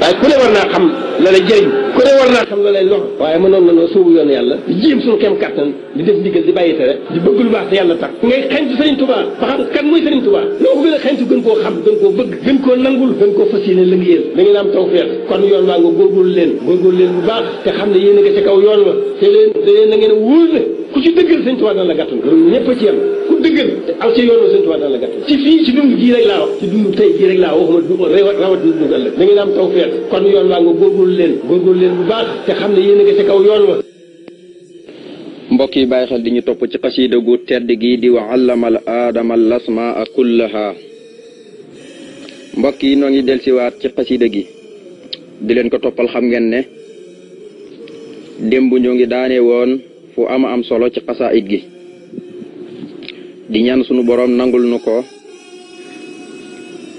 waaye ku ne war naa xam la lay jëriñ ku ne war naa xam la lay na noo sóobu yoon yàlla di jéem suñu kem kàttan di def ndigal di bàyyi tere di bëgg lu baax te yàlla tax ngay xentu Sëriñ Tuubaa ba xam kan mooy Sëriñ Tuubaa loo ko gën a xentu gën koo xam gën koo bëgg gën koo nangul gën koo fas yéene liggéeyal da ngeen am tawfeex kon yoon waa nga góorgóorlu leen góorgóorlu leen bu baax te xam ne yéen a nga ca yoon wa te leen da leen ku ci dëggal sëñ Tuubaa dana la gàttal loolu ñëpp a ci yem ku dëggal aw ci yoonu sëñ Tuubaa fii ci dund gii rek laa laa waxuma du rawat du dund ëllëg da ngeen am taw feet kon yoon waa nga góorgóorlu leen bu baax te xam ne yéen a nga ca kaw yoon wa mbokk yi bàyyi xel di ñu topp ci xasiida gu tedd gi di wa aadamal aadama lasmaa kullaha mbokk yi noo ngi delsiwaat ci xasiida gi di leen ko toppal xam ngeen ne démb ñoo ngi daane woon fu ama am solo ci xasaayit gi di ñaan sunu boroom nangul nu ko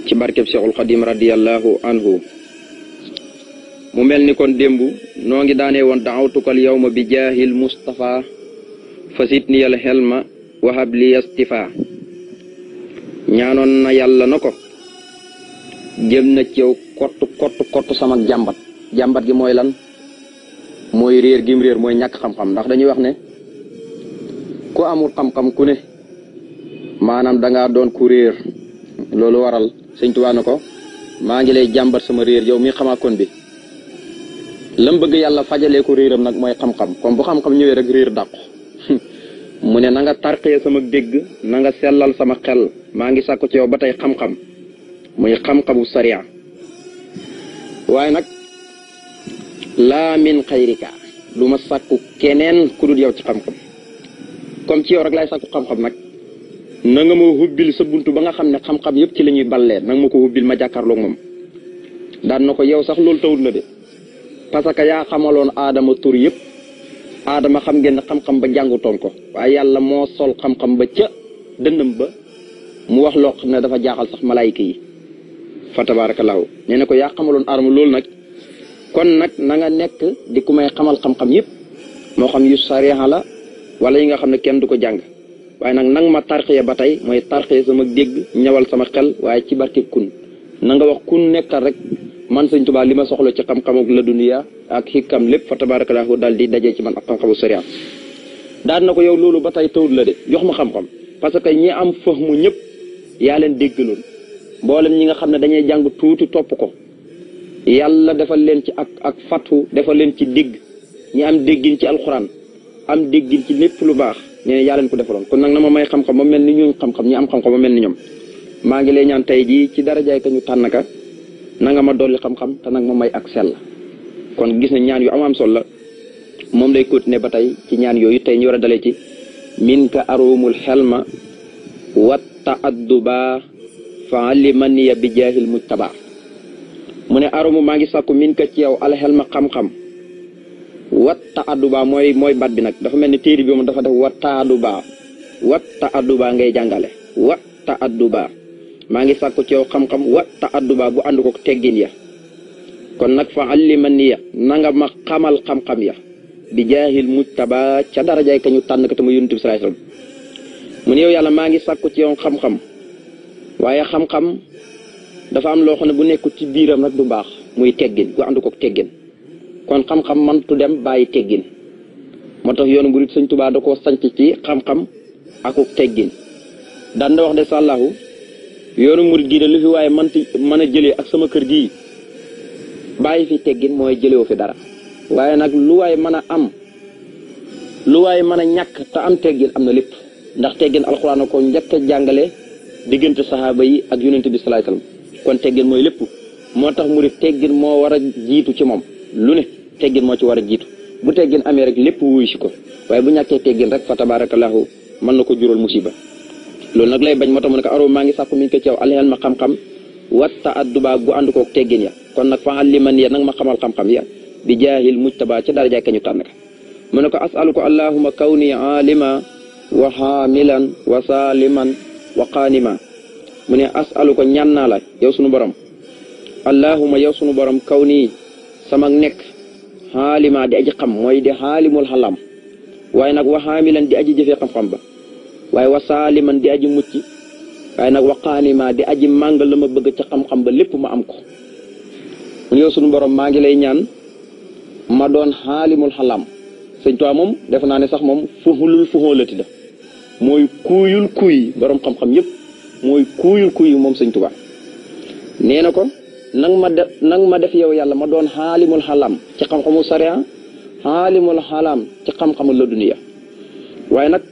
ci barkeb Seexul Xadim radiyallahu anhu mu mel ni kon démb noo ngi daane woon daawtukal yawma bi jaahil Mustafa fasit niyal xelma wahab li yastifa ñaanoon na yàlla na ko jëm na ci kott kott kott sama jàmbat jàmbat gi mooy lan mooy réer gim réer mooy ñàkk xam-xam ndax dañuy wax ne ku amul xam-xam ku ne maanaam dangaa doon ku réer loolu waral sëñ Tuubaa ko maa ngi lay jàmbat sama réer yow mi xamaakoon bi lam bëgg yàlla fajalee ko réeram nag mooy xam-xam comme bu xam-xam ñëwee rek réer dàqu mu ne na nga tarxee sama dégg na nga sellal sama xel maa ngi sàkku ci yow ba tey xam-xam muy xam-xamu sariya waaye nag laa min xayrika du ma sàkku keneen ku dul yow ci xam-xam kom ci yow rek laay sàkku xam-xam nag na nga ma hubbil sa bunt ba nga xam ne xam-xam yëpp ci la ñuy ballee na ma ko hubbil ma jàkkaarloog moom daan na ko yow sax loolu tawut na de parce que yaa xamaloon aadama tur yëpp aadama xam ngeen ne xam-xam ba jàngutoon ko waaye yàlla moo sol xam-xam ba ca dëndam ba mu wax loo xam ne dafa jaaxal sax malaayika yi fa laaw nee na ko yaa xamaloon aadama loolu nag kon nag na nga nekk di ku may xamal xam-xam yëpp moo xam yu sariha la wala yi nga xam ne kenn du ko jàng waaye nag nang ma tarxiya ba tey mooy tarxiya sama dégg ñawal sama xel waaye ci barke kun na nga wax kun nekkal rek man sëñ Tuubaa li ma soxla ci xam-xam la duniya ak xikam lépp fa tabarakallahu daal di dajee ci man ak xam-xamu sariha daan na ko yow loolu ba tey tawul la de jox ma xam-xam parce que ñi am fahmu ñëpp yaa leen dégg loolu ñi nga xam ne dañuy jàng tuuti topp ko yàlla defal leen ci ak ak fatu defal leen ci digg ñi am déggin ci alxuraan am diggin ci lépp lu baax nee na yaa leen ko defaloon kon nag na ma may xam-xam ba mel ni ñu xam-xam am xam mel ni ñoom maa ngi lay ñaan tey jii ci darajaay ka ñu tànn ka na nga ma dolli xam-xam te nag ma may ak sell kon gis na ñaan yu am am solo la moom lay continuer ba tey ci ñaan yooyu tey ñu war a dalee ci min ka aruumul xelma wa taadduba fa alimaniya bi jaahil mujtaba mu ne arumu maa ngi sàkku min ka ci yow alxelma xam-xam wat ta aduba mooy mooy bat bi nag dafa mel ni téere bi moom dafa def watta adduba watta adduba ngay jàngale watta adduba maa ngi sakku ci yow xam-xam watta adduba bu ànd ko teggin ya kon nag fa allima niya nanga ma xamal xam-xam ya bi jaahil mujtaba ca darajaay ka ñu tànn ka te mu yonent bi mu ne yow yàlla maa ngi sàkku ci yow xam-xam waaye xam-xam dafa am loo xam ne bu nekkul ci biiram rek du baax muy teggin bu ànd ko teggin kon xam-xam mëntu dem bàyyi teggin moo tax yoonu murit sëñ Tuubaa koo sanc ci xam-xam akuk teggin daan wax de yoonu murit gii de lu fi waaye mënti mën a jëlee ak sama kër gi bàyyi fi teggin mooy jëlewu fi dara waaye nag lu waay mën a am lu waay mën a ñàkk te am teggin am na lépp ndax teggin alxuraan ko njëkk a jàngale diggante saxaaba yi ak yonent bi salaay salaam kon teggin mooy lépp moo tax mu murit teggin moo war a jiitu ci moom lu ne teggin moo ci war a jiitu bu teggin amee rek lépp wuyu si ko waaye bu ñàkkee teggin rek fa tabarakallahu mën na ko jural musiba loolu nag lay bañ moo tax mu ne ko aro maa ngi sàkku mi ko ci yow alxel ma xam-xam watta adduba gu ànd kook teggin ya kon nag fa alliman ya nag ma xamal xam-xam ya bi jaahil mujtaba ca daraja ka ñu tànn ka mu ne ko asaluka allahuma kawni alima wa xaamilan wa saaliman wa qaanima mu ne asaluka ñaan naa la yow sunu borom allahuma yow sunu borom kaw nii sama nekk xaalima di aji xam mooy di xaalimul xalam waaye nag wa xaamilan di aji jëfee xam-xam ba waaye wa saaliman di aji mucc waaye nag wa ma di aji màng la ma bëgg ca xam-xam ba lépp ma am ko mu ne sunu borom maa ngi lay ñaan ma doon xaalimul xalam sëñ Tuubaa moom def naa ne sax moom fuxulul fuxóolati la mooy kuuyul kuuy borom xam-xam yëpp mooy kuyul kuyul moom sëñ Tuubaa nee na ko nang ma def nang ma def yow yàlla ma doon xaalimul xalaam ci xam-xamu sariya xaalimul xalaam ci xam la duniya waaye nag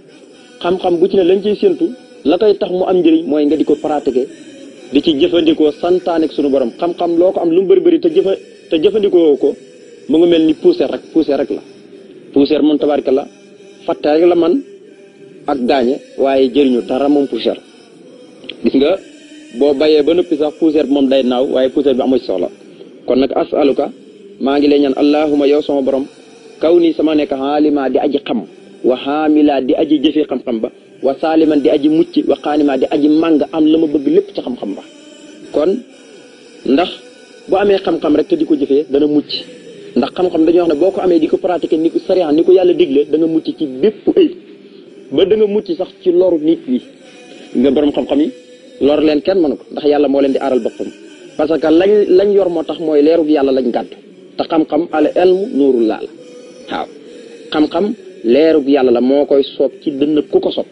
xam-xam bu ci ne lañ ciy séentu la koy tax mu am njëriñ mooy nga di ko pratiquer di ci jëfandikoo santaane ak sunu borom xam-xam loo ko am lu mu bëri bëri te jëfa te jëfandikoo ko mu ngi mel ni poussière rek poussière rek la poussière moom tabarka la fàtte rek la man ak gaañe waaye jëriñu dara moom poussière gis nga boo bayee ba noppi sax poussière bi moom day naaw waaye poussière bi amu ci soxla kon nag asaluka maa ngi lay ñaan allahuma yow sama borom kaw nii sama nekk xaalima di aji xam wa xaamila di aji jëfee xam-xam ba wa saaliman di aji mucci wa xaanima di aji màng am la ma bëgg lépp ci xam-xam ba kon ndax boo amee xam-xam rek te di ko jëfee dana mucc ndax xam-xam dañuy wax ne boo ko amee di ko pratiquer ni ko sariya ni ko yàlla digle da nga mucc ci bépp ba da mucc sax ci loru nit ñi nga borom yi lor leen kenn mënu ko ndax yàlla moo leen di aaral boppam parce que lañ lañ yor moo tax mooy leerug yàlla lañ gàddu te xam-xam al ilmu nuurullah la waaw xam-xam leerug yàlla la moo koy soob ci dënn ku ko soob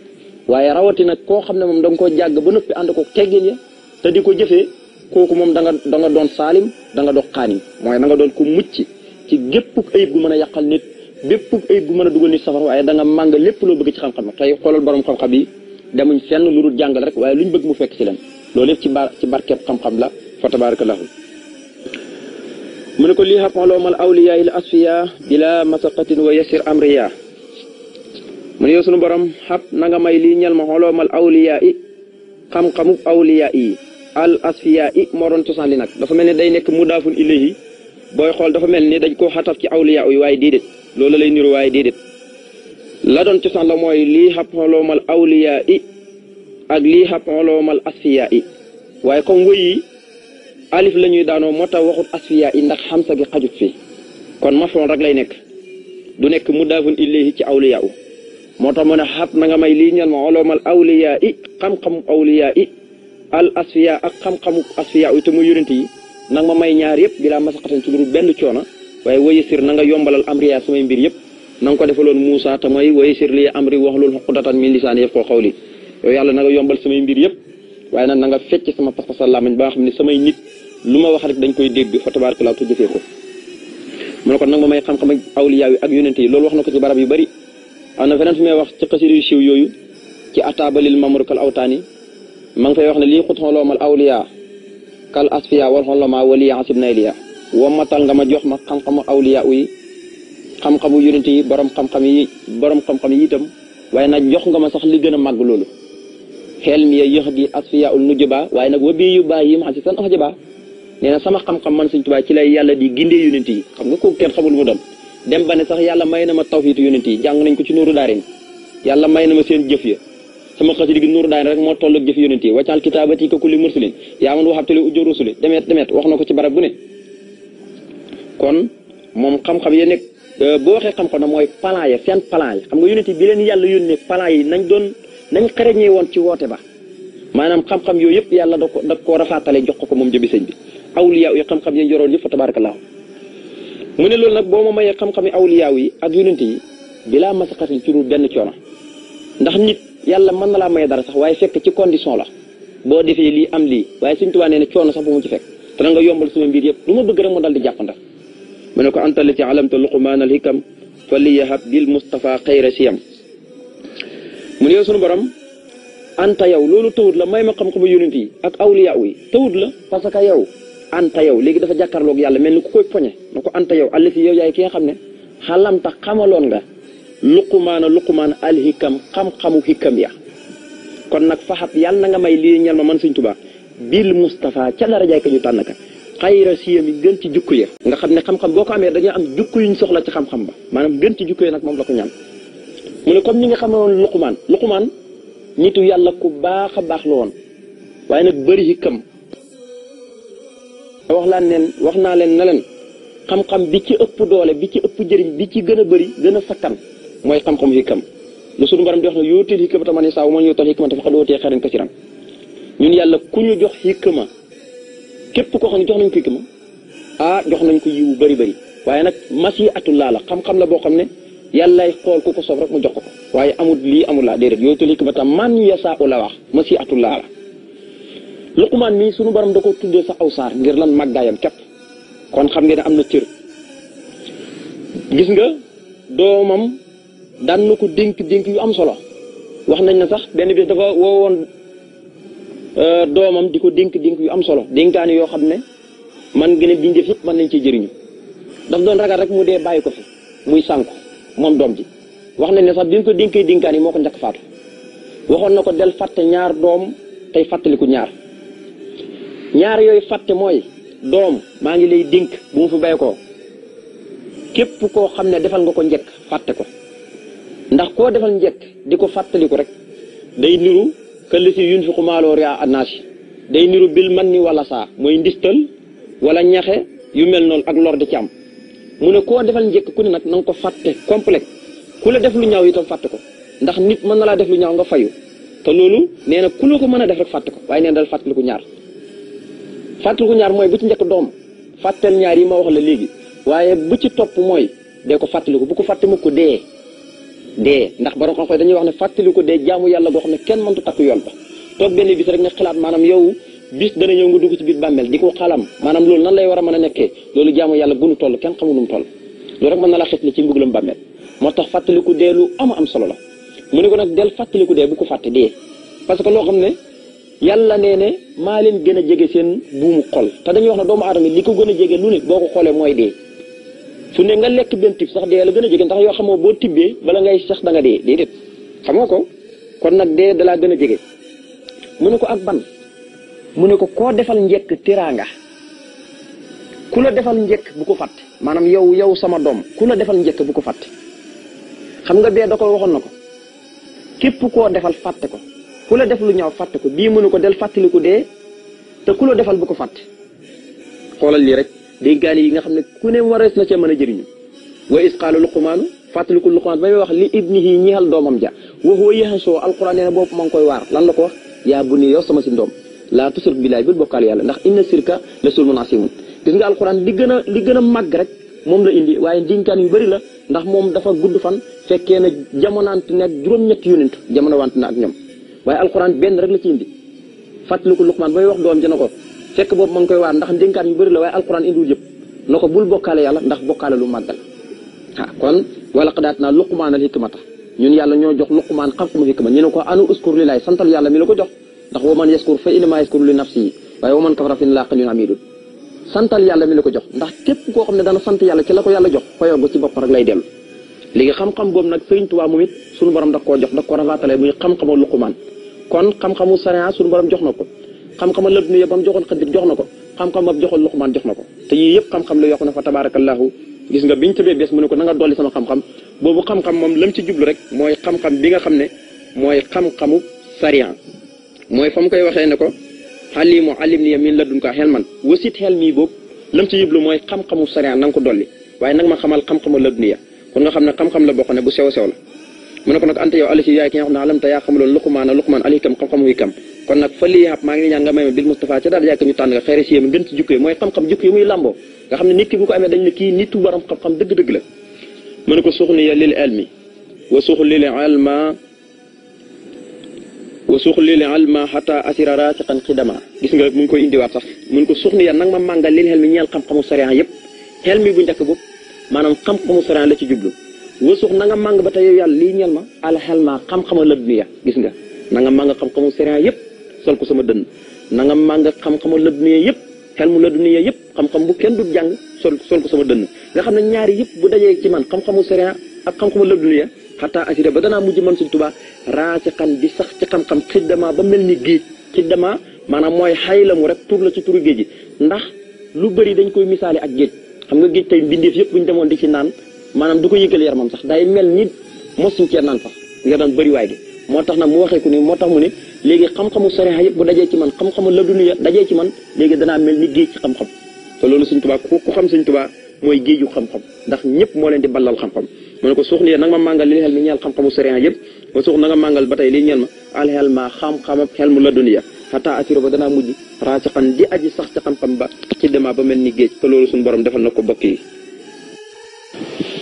waaye rawatina koo xam ne moom da nga koo jàgg ba noppi ànd ko teggin ya te di ko jëfe kooku moom danga da nga doon saalim da nga doon xaanim mooy da nga doon ku mucc ci gépp ayib gu mën a yàqal nit bépp ayib gu mën a dugal nit safar waaye da nga màng lépp loo bëgg ci xam-xam tey xoolal borom xam yi demuñ fenn lu dul jàngal rek waaye luñ bëgg mu fekk ci leen loolu yëpp ci bar ci barkeeb xam-xam la fa tabarakallahu mu ne ko lii xaqon loo mal awliyaa il asfiya bila masaqatin wa yasir amriya mu ne yow sunu borom xab na nga may lii ñel ma xoloo mal awliyaa i xam-xamub awliyaa yi al asfiya i moo doon cosaan li nag dafa mel ne day nekk mu mudaafun ilayhi booy xool dafa mel ni dañ koo xataf ci awliyaa yi waaye déedéet loolu lay niru waaye déedéet la doon cosaan la mooy lii xab xoloomal awliyaa i ak lii xab xoloomal asfiyaa i waaye comme yi alif la ñuy daanoo moo tax waxut asfiyaa i ndax xamsa gi xajut fi kon mafoon rek lay nekk du nekk mudaafun ilayhi ci awliyaa u moo tax mu ne xab na nga may lii ñel ma xoloomal awliyaa i xam-xamu awliyaa ak xam-xamu asfiyaa u te muy yonent yi nag ma may ñaar yëpp bi laa masaxatan ci duru benn coona waaye wëyi sir na nga yombalal amriyaa samay mbir yëpp na ko defaloon Moussa te mooy waysir li amri waxlul xuqdatan min lisaani yëf koo xawli yow yàlla na yombal samay mbir yëpp waaye nag na nga fecc sama pas a làmmiñ ba nga xam ne samay nit lu ma wax rek dañ koy dégg fa tabaarkalla te jëfee ko mu ne kon nag ma may xam-xam ak awliyaa yi ak yonente yi loolu wax na ko ci barab yu bari am na feneen may wax ci xasir yu yooyu ci ataabalil mamru kal awtaani ma ngi fay wax ne lii xut xoloomal awliyaa kal asfiya wal xoloma waliya asib nayliya wommatal nga ma jox ma xam-xamu awliyaa yi xam-xamu yonent yi borom xam-xam yi borom xam-xam yi itam waaye nag jox nga ma sax li gën a màgg loolu xel mi yéex gi asfiya ul nujuba waaye nag wa bii yu baax yi ma si san axjaba nee na sama xam-xam man Sëñ Tuubaa ci lay yàlla di gindee yonent yi xam nga kooku kenn xamul mu dem dem ba ne sax yàlla may na ma tawfiitu yonent yi jàng nañ ko ci nuuru daarin yàlla may na ma seen jëf ya sama xasida gi nuuru daarin rek moo toll ak jëf yonent yi waccaal kitaabati ka kulli mursalin yaa man waxabtali ujjo wax na ko ci barab bu ne kon moom Euh, boo waxee xam-xam na mooy plan ya seen plan yi xam nga yonent bi leen yàlla yónnee plan yi nañ doon nañ xereñee woon ci woote ba maanaam xam-xam yooyu yëpp yàlla da ko da koo rafaatale jox ko ko moom jëbi sëñ bi awliya yi xam-xam yi yoroon yëpp fa tabaarakallaahu mu nag boo ma mayee xam-xami awliya yi ak yonent yi bilaa masaqatin ci dul benn coono ndax nit yàlla man na laa may dara sax waaye fekk ci condition la boo defee lii am lii waaye suñ tubaa nee ne coono sax bu mu ci fekk te na nga yombal suma mbir ma bëgg rek mu dal di jàppandal mu ne ko antali ci alamta luqumaan al hikam fa li yahab bil mustafa xayra siyam mu ne yow sunu borom anta yow loolu tawut la may ma xam-xamu yonent yi ak awliya yi tawut la parce que yow anta yow léegi dafa jàkkaarloog yàlla mel ni ku koy poñe na ko anta yow allafi yow yaay ki nga xam ne xalamta xamaloon nga luqumaana luqumaan al hikam xam-xamu hikam ya kon nag faxat yàlla na nga may lii ñal ma man suñ tubaa bil mustafa ca darajaay ka ñu tànn ka xayra siyam yi gën ci jukku ya nga xam ne xam-xam boo ko amee dañuy am jukku yuñ soxla ci xam-xam ba maanaam gën ci jukku ya nag moom la ko ñaan mu ne comme ñi nga xamoon luqumaan luqumaan nitu yàlla ku baax a baax la woon waaye nag bëri hikkam wax laan leen wax naa leen na leen xam-xam bi ci ëpp doole bi ci ëpp jëriñ bi ci gën a bëri gën a sakkan mooy xam-xam hikkam lu sunu borom di wax ne dafa xa dootee xerin ko ci ran ñun yàlla ku ñu jox hikkama képp koo xam ne jox nañ ko hikma ah jox nañ ko yiwu bari bari waaye nag masiyatullah la xam-xam la boo xam ne yàllay xool ku ko soob rek mu jox ko waaye amul lii amul laa déedéet yooyu tul hikma tam man yasaau la wax masiyatullah la luqumaan mii sunu baram da ko tuddee sax aw saar ngir lan mag màggaayam képp kon xam ngeen ne am na cër gis nga doomam daan na ko dénk dénk yu am solo wax nañ ne sax benn bis dafa woo woon Euh, doomam di ko dink dink yu am solo dénkaani yoo xam ne man gën a bindéef yëpp mën nañ ci jëriñu daf doon ragal rek mu dee bàyyi ko fi muy sànku moom doom ji wax nañ ne sax bi ñu ko dénkee yi moo ko njëkk faatu waxoon na ko del fàtte ñaar doom tey fàttaliku ñaar ñaar yooyu fàtte mooy doom maa ngi lay dink bu mu fi bay koo képp koo xam ne defal nga ko njëkk fàtte ko ndax koo defal njëkk di ko fàttaliku rek day niru këll si yunfiqu maaloo ria annaasi day niru bil man ni wala saa mooy ndistal wala ñaxe yu mel noonu ak lor di ci am mu ne koo defal njëkk ku ne nag na nga ko fàtte complet ku la def lu ñaaw itam fàtte ko ndax nit mën na laa def lu ñaw nga fayu te loolu nee na ku la ko mën a def rek fàtte ko waaye nee dal dal ko ñaar fàttaliku ñaar mooy bu ci njëkk doom fàttal ñaar yi ma wax la léegi waaye bu ci topp mooy de ko ko bu ko fàtte mu ko dee dee ndax borom xam-xam dañuy wax ne fàttali ko dee jaamu yàlla goo xam ne kenn mëntu takk yoon ba toog benn bis rek nga xalaat maanaam yow bis dana ñëw nga dugg ci biir bàmmeel di ko xalam maanaam loolu nan lay war a mën a nekkee loolu jaamu yàlla bu nu toll kenn xamul nu mu toll loolu rek mën na la xet li ci mbugalam bàmmeel moo tax fàttaliku dee lu am am solo la mu ne ko nag del fàttaliku dee bu ko fàtte dee parce que loo xam ne yàlla nee ne maa leen gën a jege seen buumu xol dañuy wax ne doomu aadama li ko gën a jege lu boo ko xoolee mooy dee su ne nga lekk benn tib sax dee la gën a jege ndax yoo xamoo boo tibbee bala ngay sax da nga dee déedéet xamoo ko kon nag dee dalaa gën a jege mu ne ko ak ban mu ne ko koo defal njëkk teraanga kula defal njëkk bu ko fàtt maanaam yow yow sama doom ku la defal njëkk bu ko fàtt xam nga bee da ko waxoon na ko képp koo defal fàtte ko ku la def lu ñaaw fàtte ko bii mu ne ko del fàttaliku dee te ku la defal bu ko fàtt xoolal lii rek dénkaane yi nga xam ne ku ne warees na ca mën a jëriñu wa isqaalu luqumaanu fàttaliku luqumaan ba muy wax li ibnihi ñeexal doomam ja wa huwa soo alquran nee boobu ma ngi koy waar lan la ko wax yaa bu ni yow sama si ndoom laa tusrik billaay bul bokkaale yàlla ndax inna sirka la sulmun asimun gis nga alquran di gën a li gën màgg rek moom la indi waaye dénkaan yu bëri la ndax moom dafa gudd fan fekkee na jamonaante ne ak juróom-ñetti yonent jamono wante na ak ñoom waaye alquran benn rek la ci indi fàttaliku luqumaan ba muy wax doom ja ko fekk boobu ma ngi koy waar ndax ndénkaat yu bëri la waaye alquran indiwul yëpp na ko bul bokkaale yàlla ndax bokkaale lu màggal ah kon wala xadaat naa luqumaan al hikmata ñun yàlla ñoo jox luqumaan xam-xamu hikma ñu ne ko anu uskur lilaay yàlla mi la ko jox ndax wa man yaskur fa innama ko jox ndax képp koo xam ne dana sant yàlla ci la ko yàlla jox payoor ba ci bopp rek lay dellu léegi xam-xam boobu nag Sëriñ Tuubaa suñu borom da koo jox da ko rafaatale muy xam-xamu luqumaan kon xam-xamu sariya suñu borom jox na ko xam-xama lëb ni ba joxoon xadir jox na ko xam-xam ba mu joxoon luqmaan jox na ko te yii yëpp xam-xam la yoo xam ne fa tabarakallahu gis nga biñ tëbee bés ne ko na nga dolli sama xam-xam boobu xam-xam moom lam ci rek mooy xam-xam bi xam ne mooy xam-xamu sariya mooy fa mu waxee ne ko alimu alim ni min la dun ko xel man wasit xel mii boobu lam ci jublu mooy xam-xamu sariya na nga ko dolli waaye nag ma xamal xam-xamu la duniya kon nga xam ne xam-xam la boo xam ne bu sew sew la mu ne ko nag anta yow alisi yaay ki nga xam ne alamta yaa xamaloon luqmaana luqmaan alikam xam-xamu yi kam kon nag fa lii maa ngi ñaan nga ma bil Moustapha ca daal yàgg ñu tànn nga xeere si yéen gën ci jukko yi mooy xam-xam ne ko amee dañ ne kii nitu borom xam-xam dëgg-dëgg la mu ne ko suxli ya lil gis nga mu ngi koy indiwaat sax mu ne ko suxni ya nag ma màngal lil xel mi ñeel xam-xamu sariya yépp xel mi bu njëkk boobu maanaam xam-xamu sariya la ci jublu wasux na nga màng ba tey yow yàlla lii ñeel ma alxel ma xam-xama la duniya gis nga na nga màng xam-xamu sariya yépp sol ko sama dënn na nga màng xam-xamu la duniya yëpp xel mu la duniya yëpp xam-xam bu kenn du jàng sol sol sama dënn nga xam ne ñaari yëpp bu dajee ci man xam-xamu sariya ak xam-xamu la duniya xataa assuré ba danaa mujj man suñ tubaa raasi xan di sax ci xam-xam xiddamaa ba mel ni géej xiddamaa maanaam mooy mu rek tur la ci turu géej gi ndax lu bari dañ koy misaale ak géej xam nga géej tey mbindeef yëpp bu ñu demoon di ci naan maanaam du ko yëgal yaramam sax day mel ni mosuñ cee naan sax nga daan bëriwaay gi moo tax nag mu waxee ko ni moo tax mu ni léegi xam-xamu sariya yëpp bu dajee ci man xam-xamu la dajee ci man léegi danaa mel ni géej xam-xam te loolu Sëñ Tuubaa ku xam Sëñ Tuubaa mooy géeju xam-xam ndax ñëpp moo leen di ballal xam-xam mu ne ko suux nii nag ma màngal li xel mi ñeel xam-xamu ba suux na nga màngal ba tey lii ñeel ma alxel ma xam-xamab xel la duniya xataa asiro ba danaa mujj raacixan di aji sax ci xam-xam ba ci demaa ba mel ni géej te loolu suñu borom defal na ko bokk yi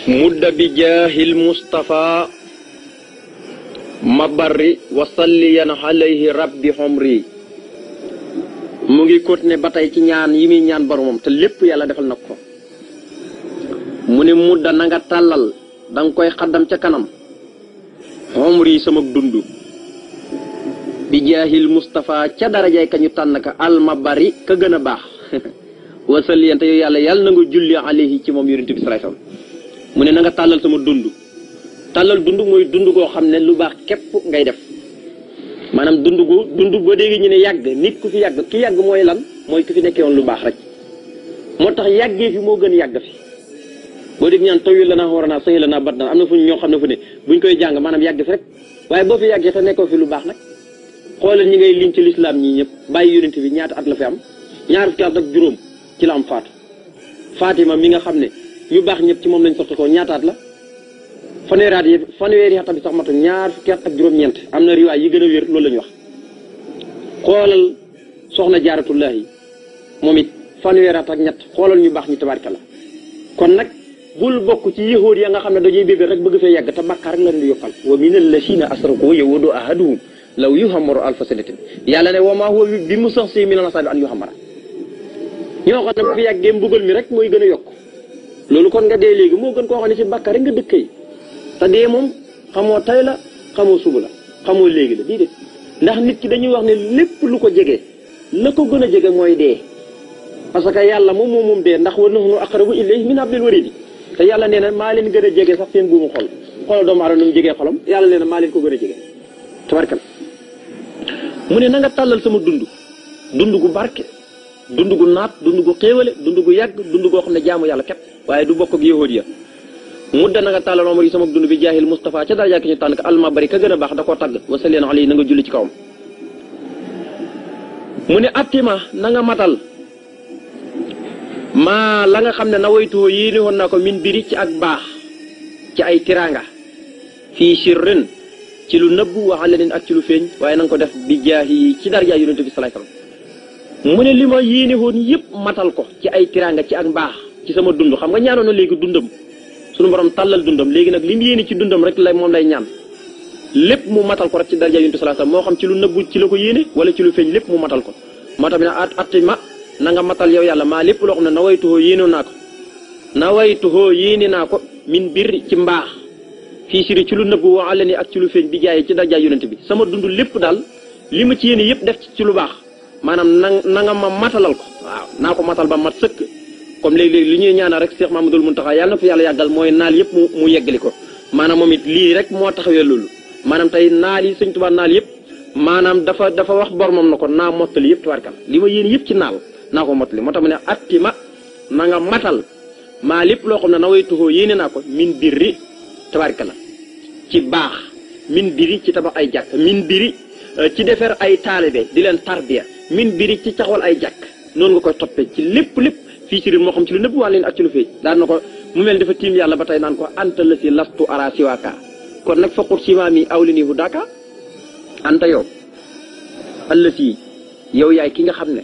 mudda bi jaahil Mustafa mabarri wasalliyan alayhi rabbi xomri mu ngi continuer ba tey ci ñaan yi muy ñaan boromam te lépp yàlla defal na ko mu ne mudda nanga tàllal danga koy xaddam ca kanam xomri sama dund bi jaahil Moustapha ca darajay ka ñu tànn ka al bari ka gën a baax wasalliyan te yow yàlla yàlla na nga julli alayhi ci moom yonent bi salaay mu ne na nga tàllal sama dund tàllal dund mooy dund goo xam ne lu baax képp ngay def maanaam dund gu dund ba léegi ñu ne yàgg nit ku fi yàgg ki yàgg mooy lan mooy ku fi nekkee woon lu baax rek moo tax yàggee fi moo gën yàgg fi boo dégg ñaan taw yi la war naa sëy la bat naa am na fu ñoo xam ne fu ne buñ koy jàng maanaam yàgg fi waaye boo fi yàggee nekkoo fi lu baax nag xoolal ñi ngay liñ ci lislaam ñii ñëpp bàyyi yonent bi ñaata at la fi am ñaar fukki at juróom ci la am faatu Fatima mi nga xam ne ñu baax ñëpp ci moom lañ sotti ñaataat la fanweeri at yi fanweeri at tamit sax matu ñaar fukki at ak juróom-ñeent am na riwaay yi gën a wér loolu la ñu wax xoolal soxna jaaratullahi moom it fanweeri at ak ñett xoolal ñu baax ñu tabaarka la kon nag bul bokk ci yahuud ya nga xam ne dañuy bébé rek bëgg fee yàgg te bàkkaar rek lañ di yokkal wa min allazina asraku yawaddu yàlla ne wa ma huwa bi musaxsi min al-asabi an yuhammara ñoo xam ne bu fi yàggee mbugal mi rek mooy gën a yokk loolu kon nga dee léegi moo gën koo xam ne si bàkkaar rek nga dëkkee te dee moom xamoo tay la xamoo suba la xamoo léegi la déedéet ndax nit ki dañuy wax ne lépp lu ko jege la ko gën a jege mooy dee parce que yàlla moom moom moom dee ndax wa nahnu aqrabu ilayhi min hablil waridi te yàlla nee na maa leen gën a jege sax seen buumu xol xolo doomu aadama nu mu jegee xolam yàlla nee na maa leen ko gën a jege tabarkal mu ne nanga tàllal sama dund dund gu barke dund gu naat dund gu xéewale dund gu yàgg dund goo xam ne jaamu yàlla képp waaye du bokk ak yahood ya mudda na nga tàllal omar yi sama dund bi jaahil Moustapha ca daraja ki ñu tànn ka alma bari ka gën a baax da koo tagg wa salleen alayhi na nga julli ci kawam mu ne attima na nga matal maa la nga xam ne na waytuwoo yéene woon naa ko min biri ci ak baax ci ay tiraanga fii sirrin ci lu nëbbu waxal leneen ak ci lu feeñ waaye nanga ko def bi jaahi yi ci daraja yonent bi salaay salaam mu ne li ma yéene yëpp matal ko ci ay tiraanga ci ak mbaax ci sama dund xam nga ñaanoon na léegi dundam suñu borom tàllal dundam léegi nag li mu yéene ci dundam rek lay moom lay ñaan lépp mu matal ko rek ci daraja yonent sallallahu alayhi moo xam ci lu nëbbu ci la ko yéene wala ci lu feeñ lépp mu matal ko moo tax mi ne atti ma na nga matal yow yàlla maa lépp loo xam ne nawaytuhoo yéenoon naa ko nawaytuhoo yéene naa ko min bir ci mbaax fii siri ci lu nëbbu wa alani ak ci lu feeñ bi jaay ci daraja yonent bi sama dund lépp daal li ma ci yéene yëpp def ci lu baax maanaam na na nga ma matalal ko waaw naa ko matal ba mat sëkk comme léegi li ñuy ñaanal rek Cheikh Mamadou Mountakha yàlla na fi yàlla yàggal mooy naal yëpp mu mu yeggali ko maanaam moom it lii rek moo taxawee loolu maanaam tey naal yi Sëñ Tuubaa naal yëpp maanaam dafa dafa wax boromam na ko naa mottali yëpp tubaarkal li ma yéen yëpp ci naal naa ko mottali moo tax mu ne atti ma na nga matal maa lépp loo xam ne na way tuxoo yéene naa ko min birri tubaarkal la ci baax min biri ci tabax ay jàkk min biri euh, ci defar ay taalibe di leen tarbiya min biri ci taxawal ay jàkk noonu nga koy ci lépp lépp fii ci moo xam ci lu nëbb wax leen ak ci lu feeñ daan mu mel dafa tiim yàlla ba tay naan ko anta la si lastu ara siwaaka kon nag faqur simaami awli nii bu daaka anta yow allasi yow yaay ki nga xam ne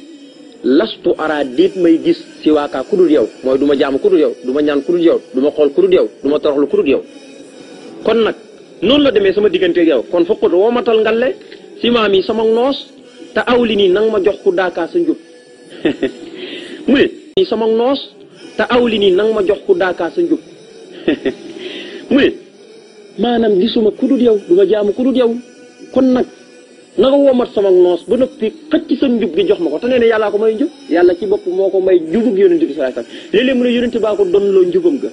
lastu ara déet may gis siwaaka ku dul yow mooy du ma jaamu ku dul yow du ma ñaan ku dul yow du xool ku dul yow du ma toroxlu ku dul yow kon nag noonu la demee sama digganteeg yow kon faqur woomatal ngalle simaami sama noos te awli nii nang ma jox ku daaka sa sama noos te aw li nii ma jox ku daakaa sa njub mu ne maanaam gisuma ku dul ma jaamu ku dul yow kon nag nanga sama noos ba noppi xëcc sa njub gi jox ma ko te yàllaa ko may njub yàlla ci bopp moo ko may njubug yonente bi sallallahu alayhi wasallam léeg loo njubam ga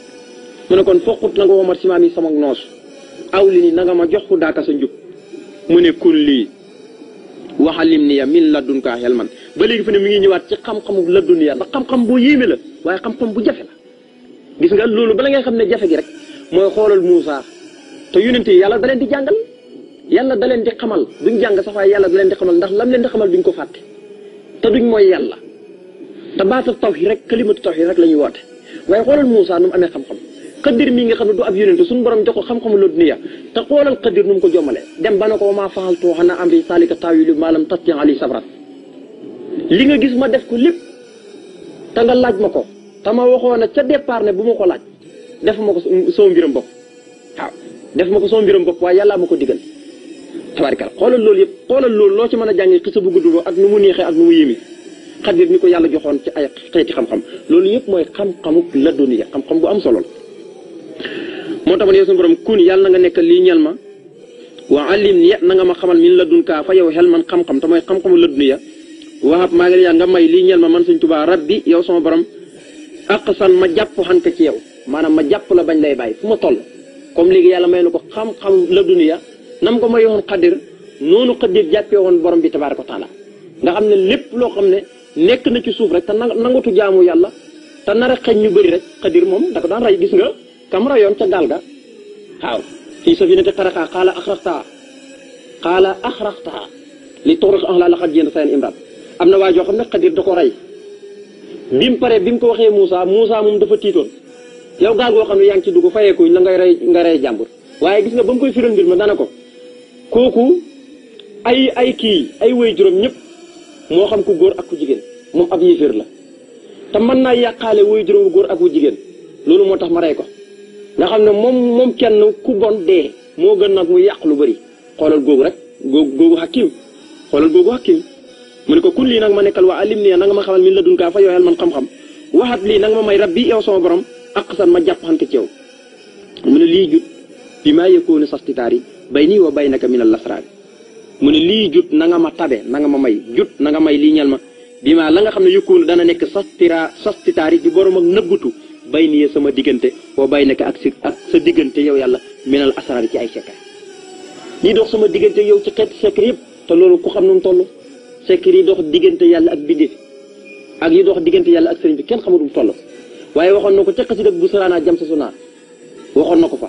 mu kon foqut nanga womat si maam yi sama noos aw li ma jox ku daakaa sa njub mu ne kun waxalim ni ya min ladunkaa xel man ba léegi fu ne mi ngi ñëwaat ci xam xam la dunya ndax xam-xam bu yéeme la waaye xam-xam bu jafe la gis nga loolu ba la ngay xam ne jafe gi rek mooy xoolal Moussa te yonent yi yàlla da leen di jàngal yàlla da leen di xamal jàng sax waaye yàlla da leen di xamal ndax lam leen di xamal duñ ko fàtte te duñ mooy yàlla te baata tawhid rek kalimatu tawhid la ñuy woote waaye xoolal nu mu amee xam-xam xadir mii nga xam ne du ab yonent suñu borom jox ko xam-xamu la dunya te xoolal xadir nu mu ko jommalee dem ba ne ko maa faxaltu xanaa am ri salika taawilu maalam tasti ali sabrat li nga gis ma def ko lépp te nga laaj ma ko te ma waxoon na ca départ ne bu ma ko laaj def ma ko soo mbiram bopp waaw def ma ko soo mbiram bopp waaye yàllaa ma ko digal tabarikal xoolal loolu yëpp xoolal loolu loo ci mën a jàngee xisa bu gudd ak nu mu neexee ak nu mu yéemi xadir ni ko yàlla joxoon ci ay xeeti xam-xam loolu yëpp mooy xam-xamu la duniya xam-xam bu am solo la moo tax ma ne suñu yàlla nga nekk lii ñel ma waa alim ni na nga ma xamal min la dun yow xel man xam-xam te mooy xam-xamu waxab maa ngi nga may lii ñeel ma man suñ tubaa rabbi yow sama borom san ma jàpp xan ci yow maanaam ma jàpp la bañ lay bàyyi fu ma toll comme léegi yàlla may na ko xam-xam la duniya nam ko may yoon xadir noonu xadir jàppee woon borom bi tabaaraka wa taala nga xam ne lépp loo xam ne nekk na ci suuf rek te nangutu jaamu yàlla te na a xëñ ñu bari rek xadir moom da ko daan rey gis nga kam rayoon ca gaal ga waaw fii safinati xaraxaa xaala axraxtaa xaala axraxtaa li tuxriqa ahlaa laqad am na waa joo xam ne xadir da ko rey bi mu paree bi mu ko waxee Moussa Moussa moom dafa tiitoon yow gaal goo xam ne yaa ngi ci dugg fayeekuñ la ngay rey nga rey jàmbur waaye gis nga ba mu koy firal mbir ma dana ko kooku ay ay kii ay woy juróom ñépp moo xam ku góor ak ku jigéen moom ab yéeféer la te mën naa yàqaale woy juróom góor ak wu jigéen loolu moo tax ma rey ko nga xam ne moom moom kenn ku bon dee moo gën nag mu yàq lu bari xoolal googu rek googu googu xakkiim xoolal googu xakkiim mu ne ko kun lii nag ma nekkal waa alim nii na nga ma xamal min la dun kaa fa yooyal man xam-xam waxat lii nag ma may rabbi yow sama borom aqsan ma jàpp xante ci yow mu ne lii jut bi maa yëkkoon sas titaar yi bay nii wa bay naka min al lasraari mu ne lii jut nanga ma tabe na nga ma may jut nanga may lii ñal ma bi maa la nga xam ne yëkkoon dana nekk sas tira sas titaar yi di borom ak nëbbutu bay nii sama diggante wa bay naka ak sa diggante yow yàlla minal asraari ci ay sekar lii dox secret yi dox diggante yàlla ak bindit ak yi dox diggante yàlla ak sëriñ bi kenn xamul toll waaye waxoon na ko ca xasida bu saraanaa jam sa sunaa waxoon na ko fa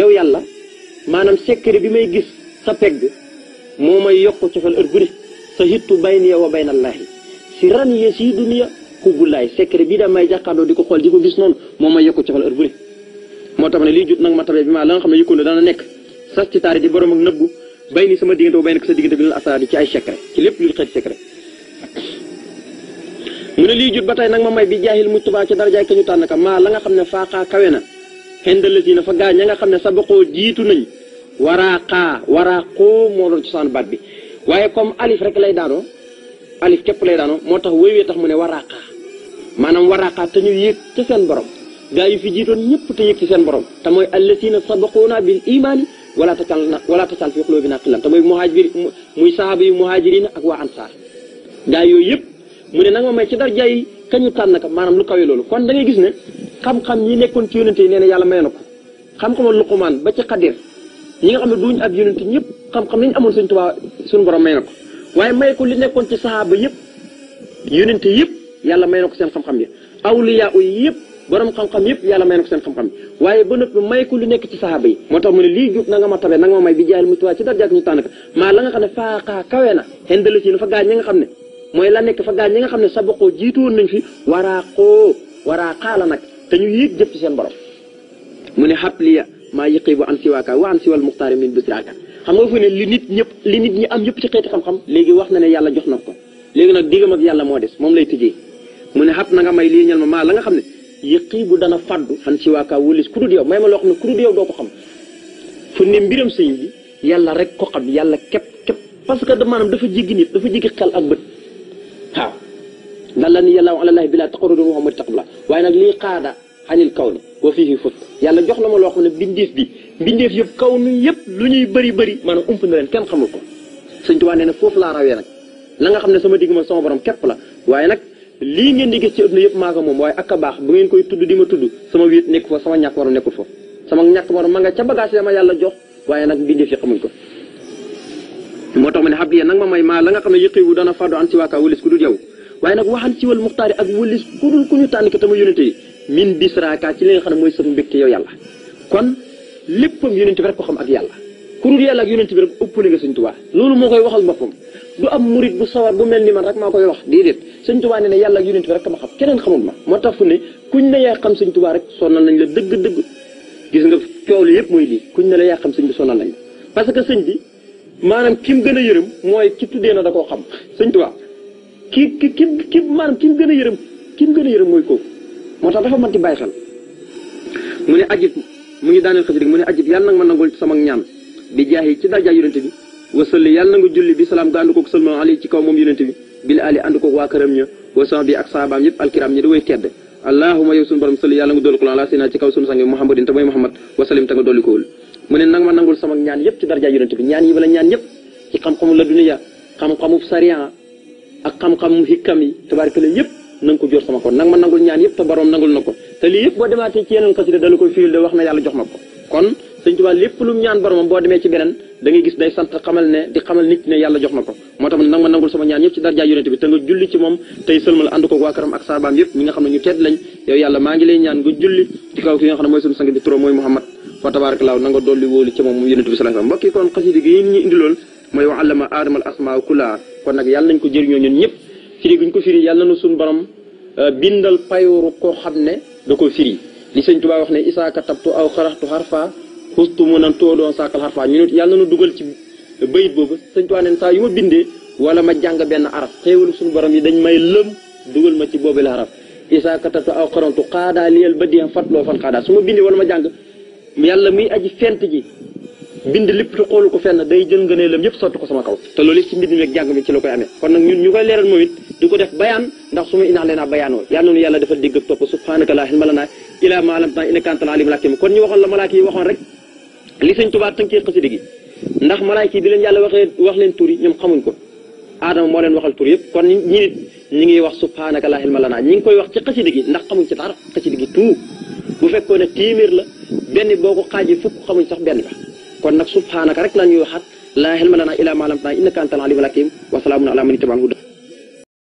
yow yàlla maanaam secret bi may gis sa pegg moo may yokk cofeel ër gune sa hittu bayniya wa baynallaahi si ran ye sii duniya xubbulaay secret bii da may jàkkaandoo di ko xool di ko gis noonu moo may yokk cofeel ër gune moo tax ma ne lii jut nag ma tabe bi maa la nga xam ne yëkkoon dana nekk sas ci taari di ak nëbbu bay ni sama diggante ba bay mu ne lii jut ba tey nag ma may bi jaahil mu tubaa ci darajaay ka ñu tànn ka maa la nga xam ne faaxaa kawe na xendalës yi na fa gaa ña nga xam ne sa boqoo jiitu nañ waraa xaa waraa xoo moo doon cosaan baat bi waaye comme alif rek lay daanoo alif képp lay daanoo moo tax wéywee tax mu ne waraa xaa maanaam waraa xaa te ñu yéeg ci seen borom gaa yi fi jiitoon ñëpp te yéeg ci seen borom te mooy allasiina sabaquuna bil imaani wala ta na wala tacal fi xuloo bi naa xillan te muy muhaajir muy sahaaba yu muhaajiriina ak waa ansaar gaa yooyu yëpp mu ne nanga ma may ci darja yi kañu tànn ka maanaam lu kawee loolu kon da gis ne xam-xam ñi nekkoon ci yonente yi nee na yàlla may na ko xam-xamu Luqmaan ba ci Xadir ñi nga xam ne duñ ab yonente ñëpp xam-xam lañ amoon suñ Tuubaa suñu borom may na ko waaye may li nekkoon ci sahaaba yëpp yonente yëpp yàlla may na ko seen xam-xam yi awliyaa yëpp borom xam-xam yëpp yàlla may na seen xam-xam waaye ba noppi may ko lu nekk ci saxaaba yi moo tax mu ne lii jub na nga ma tabe na nga ma may bi jaayal mu tuwaa ci darjaak ñu nga xam ne mooy la nekk fa gaañ ñi nga xam ne sa boqoo jiitu woon nañ fi waraa xoo waraa xaala nag te ñu yéeg jëf ci seen borom mu ne xapliya maa yëqi bu an siwaaka wa an siwal muxtaari min bisraaka xam nga fu ne li nit ñëpp li ñi am ñëpp ci xeeti xam léegi wax na ne yàlla jox na ko léegi nag ak yàlla moo des moom lay ne xat na nga may lii ñal ma maa la nga xam ne yëqii bu dana faddu fan si waakaa wëlis ku dul yow may ma loo xam ne ku dul yow doo ko xam fu ne mbiram sëñ bi yàlla rek ko xam yàlla képp képp parce que da dafa jéggi nit dafa jéggi xel ak bët waaw ndax la ni yàlla alalaahi bilaa taqarrudu muhammad taqbala waaye nag lii xaada xanil kaw ni wa fiihi fut yàlla jox na ma loo xam ne bindeef bi bindeef yëpp kaw nu yëpp lu ñuy bëri bëri maanaam ump na leen kenn xamul ko sëñ Tuubaa nee na foofu laa rawee nag la nga xam ne sama digg ma sama boroom képp la lii ngeen di gis ci adduna yëpp maa ko moom waaye ak a baax bu ngeen koy tudd di ma tudd sama wéet nekk fa sama ñàkk a nekkul fa sama ñàkk war a ma nga ca bagage dama yàlla jox waaye nag bindee fi xamuñ ko moo tax ma ne xabliya nag ma may maa la nga xam ne yëqiwu dana faddu an si waakaa wëlis ku dul yow waaye nag waxan ci wal muxtaari ak wëlis ku dul ku ñu tànn ki tama yónente yi min bisraaka ci li nga xam ne mooy sama mbégte yow yàlla kon léppam yónente bi rek xam ak yàlla ku dul yàlla ak yonent bi rek ëppale nga sëñ tubaa loolu moo koy waxal boppam du am murit bu sawar bu mel ni man rek maa koy wax déedéet sëñ tubaa ne ne yàlla ak yonent bi rek ma xam keneen xamul ma moo tax fu ne kuñ ne yaa xam sëñ tubaa rek sonal nañ la dëgg-dëgg gis nga coow li yëpp mooy lii kuñ ne la yaa xam sëñ bi sonal nañ la parce que sëñ bi maanaam ki gën a yërëm mooy ki tuddee na da koo xam sëñ tubaa ki ki ki ki maanaam ki yërëm ki gën a yërëm mooy kooku moo tax dafa man manti bàyyi xel mu ne ajib mu ngi daaneel xasida mu ne ajib yàlla nag ma sama ñaan bi jaahi ci daraja yonente bi wasalli yàlla na nga julli bi salaam nga ànd kook sëlma ci kaw moom yonente bi bil ali ànd waa këram ña wasan bi ak saabaam yëpp alkiram ñi da tedd allahuma yow suñu borom sëlli yàlla nga dolli ko laa ma ñaan yi wala ñaan yëpp ci xam-xamu la duniya xam-xamu sariya ak xam-xamu hikkam yi tabaarikala yëpp na nga sama ko nanga ma nangul ñaan yëpp te nangul na ko te lii yëpp boo demaatee ci yeneen xasida dala na yàlla jox ma ko sëñ Tuubaa lépp lu mu ñaan boromam boo demee ci beneen da ngay gis day sant xamal ne di xamal nit ne yàlla jox na ko moo tax ma nangul sama ñaan yëpp ci darjaay yonente bi te julli ci moom tey sëlmal ànd ko waa këram ak saabaam yëpp xam ne dolli wóolu ci moom yonente bi sallallahu alayhi kon xasidi gi yéen ñu mooy wa allama aadama asmaa kullaa kon nag yàlla nañ ko jëriñoo ñun ñëpp firi guñ ko firi yàlla na suñu borom euh, bindal payooru koo xam ne da ko firi li sëñ Tuubaa wax xustumu nan toodoo sàkkal xarfaa ñu ne yàlla na dugal ci bayit boobu sëñ Tuubaa neen saa yu ma bindee wala ma jàng benn araf xéewalu suñu borom yi dañ may lëm dugal ma ci boobu la araf isa katatu aw xarantu xaadaa liyel ba diam fatloo fan xaadaa su ma ma jàng yàlla muy aji fent ji bind lépp te xoolu ko la koy amee kon nag ñun ma inaa leenaa bayaan laa ilma lanaa kon ñu waxoon la malaaka yi waxoon rek li sëñ Tuubaa tënkee di gi ndax malaayka yi bi leen yàlla waxee wax leen tur yi ñoom xamuñ ko aadama moo leen waxal tur yëpp kon ñi ñi ngi wax subhaanaka laa ma ilma naa ñi ngi koy wax ci xasida gi ndax xamuñ ci dara xasida gi tout bu fekkoon ne téeméer la benn boo ko xaajee fukk xamuñ sax benn la kon nag subhaanaka rek la ñuy waxaat laa ilma lanaa illaa maa allamtanaa innaka antal aliimul hakiim wa salaamun alaa man ittaba'al hudaa